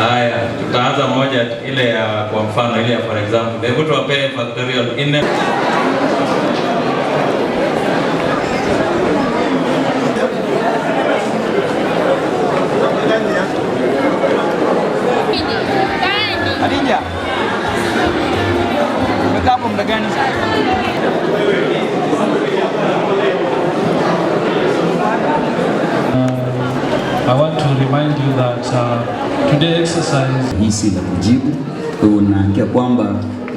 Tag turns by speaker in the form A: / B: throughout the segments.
A: Haya, tutaanza moja ile ya kwa mfano ile ya for example. Hebu tuwapee factorial nne. I want to remind you that uh, Today exercise
B: hisi la kujibu. Unaangia kwamba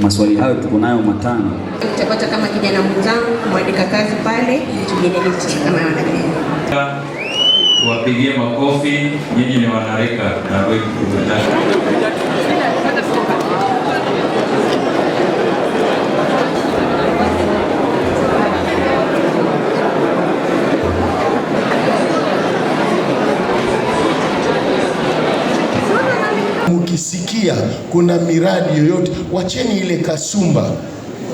B: maswali hayo tuko nayo matano,
C: tutapata kama kijana mwenzangu kumwandika kazi pale kama wanae,
A: Tuwapigie makofi. Nyinyi ni wanareka na wewe unataka
B: mkisikia kuna miradi yoyote, wacheni ile kasumba.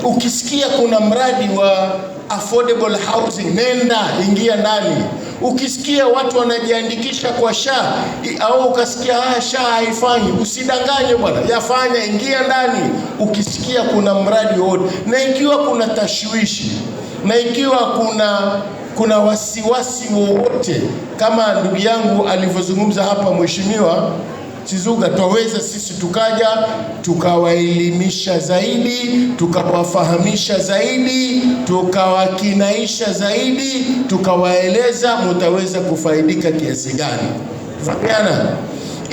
B: Ukisikia kuna mradi wa affordable housing, nenda ingia ndani. Ukisikia watu wanajiandikisha kwa SHA au ukasikia ah, SHA haifanyi, usidanganye bwana, yafanya, ingia ndani ukisikia kuna mradi wote. Na ikiwa kuna tashwishi na ikiwa kuna kuna wasiwasi wowote, kama ndugu yangu alivyozungumza hapa mheshimiwa Sizunga, twaweza sisi tukaja tukawaelimisha zaidi, tukawafahamisha zaidi, tukawakinaisha zaidi, tukawaeleza mutaweza kufaidika kiasi gani. Fahamiana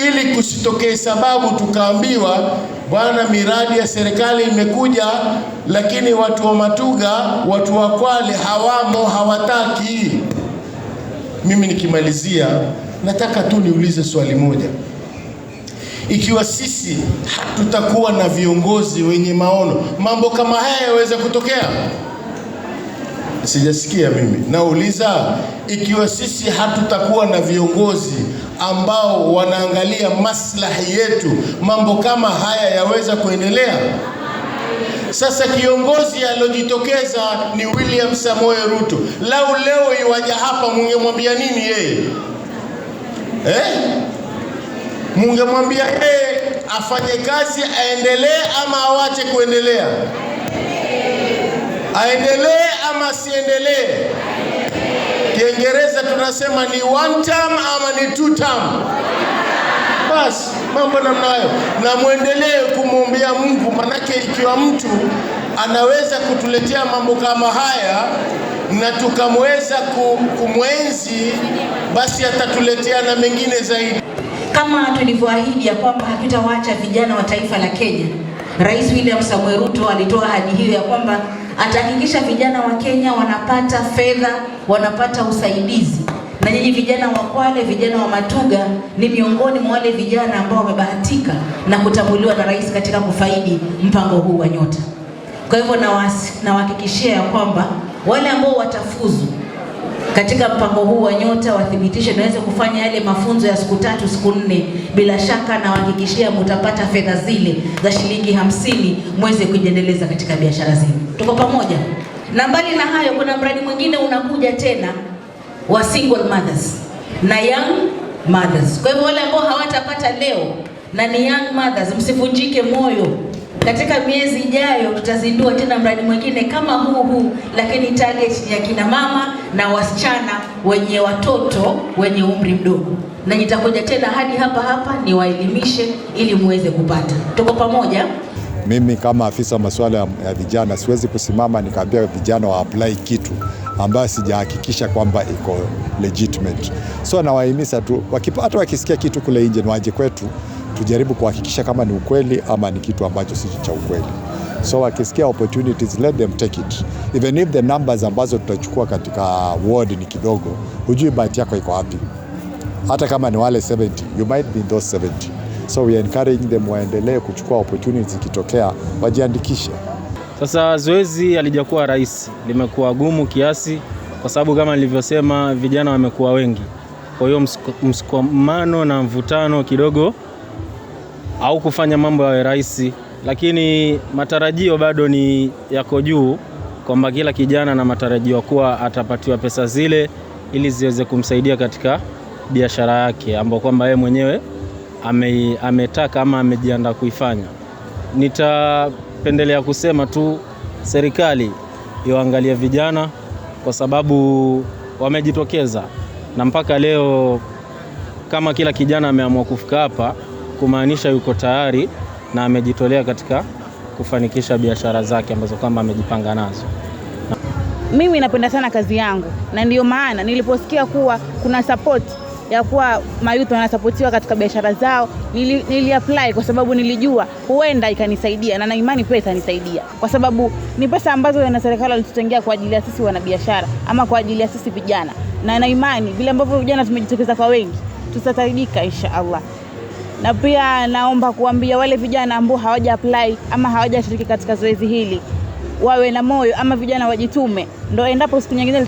B: ili kusitokee sababu tukaambiwa bwana, miradi ya serikali imekuja, lakini watu wa Matuga, watu wa Kwale hawamo, hawataki. Mimi nikimalizia, nataka tu niulize swali moja. Ikiwa sisi hatutakuwa na viongozi wenye maono, mambo kama haya yaweza kutokea? Sijasikia mimi. Nauliza, ikiwa sisi hatutakuwa na viongozi ambao wanaangalia maslahi yetu, mambo kama haya yaweza kuendelea? Sasa kiongozi alojitokeza ni William Samoei Ruto. Lau leo iwaja hapa, mungemwambia nini yeye eh? mungemwambia yeye eh, afanye kazi aendelee ama awache kuendelea? Aendelee ama asiendelee? Kiingereza tunasema ni one term ama ni two term? Basi mambo namna hayo, na mwendelee kumwombea Mungu, manake ikiwa mtu anaweza kutuletea mambo kama haya na tukamweza kumwenzi, basi atatuletea na mengine zaidi
C: kama tulivyoahidi ya kwamba hatutawaacha vijana wa taifa la Kenya. Rais William Samoei Ruto alitoa ahadi hiyo ya kwamba atahakikisha vijana wa Kenya wanapata fedha, wanapata usaidizi. Na nyinyi vijana wa Kwale, vijana wa Matuga ni miongoni mwa wale vijana ambao wamebahatika na kutambuliwa na rais katika kufaidi mpango huu wa Nyota. Kwa hivyo nawahakikishia ya kwamba wale ambao watafuzu katika mpango huu wa nyota wathibitishe naweze kufanya yale mafunzo ya siku tatu siku nne. Bila shaka nawahakikishia mutapata fedha zile za shilingi hamsini mweze kujiendeleza katika biashara zenu. Tuko pamoja? Na mbali na hayo, kuna mradi mwingine unakuja tena wa single mothers na young mothers. Kwa hivyo wale ambao hawatapata leo na ni young mothers, msivunjike moyo. Katika miezi ijayo tutazindua tena mradi mwingine kama huu huu, lakini target ya kina mama na wasichana wenye watoto wenye umri mdogo, na nitakuja tena hadi hapa hapa niwaelimishe ili muweze kupata. Tuko pamoja.
D: Mimi kama afisa masuala ya vijana siwezi kusimama nikaambia vijana wa apply kitu ambayo sijahakikisha kwamba iko legitimate. So nawahimiza tu wakipata, wakisikia kitu kule nje, waje kwetu tujaribu kuhakikisha kama ni ukweli ama ni kitu ambacho si cha ukweli. So wakisikia opportunities let them take it, even if the numbers ambazo tutachukua katika ward ni kidogo. Hujui bahati yako iko wapi, hata kama ni wale 70 you might be in those 70. So we encouraging them waendelee kuchukua opportunities, ikitokea wajiandikishe.
E: Sasa zoezi alijakuwa rahisi, limekuwa gumu kiasi, kwa sababu kama nilivyosema, vijana wamekuwa wengi, kwa hiyo msukumano na mvutano kidogo au kufanya mambo yawe rahisi, lakini matarajio bado ni yako juu, kwamba kila kijana na matarajio kuwa atapatiwa pesa zile ili ziweze kumsaidia katika biashara yake ambayo kwamba yeye mwenyewe ame, ametaka ama amejiandaa kuifanya. Nitapendelea kusema tu serikali iwaangalie vijana kwa sababu wamejitokeza na mpaka leo, kama kila kijana ameamua kufika hapa kumaanisha yuko tayari na amejitolea katika kufanikisha biashara zake ambazo kwamba amejipanga nazo.
F: Mimi napenda sana kazi yangu, na ndiyo maana niliposikia kuwa kuna support ya kuwa mayuto wanasapotiwa katika biashara zao, nili, nili apply kwa sababu nilijua huenda ikanisaidia, na na imani pia itanisaidia, kwa sababu ni pesa ambazo na serikali walitutengea kwa ajili ya sisi wanabiashara ama kwa ajili ya sisi vijana, na na imani vile ambavyo vijana tumejitokeza kwa wengi tutasaidika insha Allah na pia naomba kuambia wale vijana ambao hawaja apply ama hawajashiriki katika zoezi hili wawe na moyo ama vijana wajitume, ndo endapo siku nyingine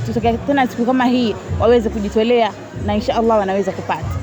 F: tena siku kama hii waweze kujitolea, na insha Allah wanaweza kupata.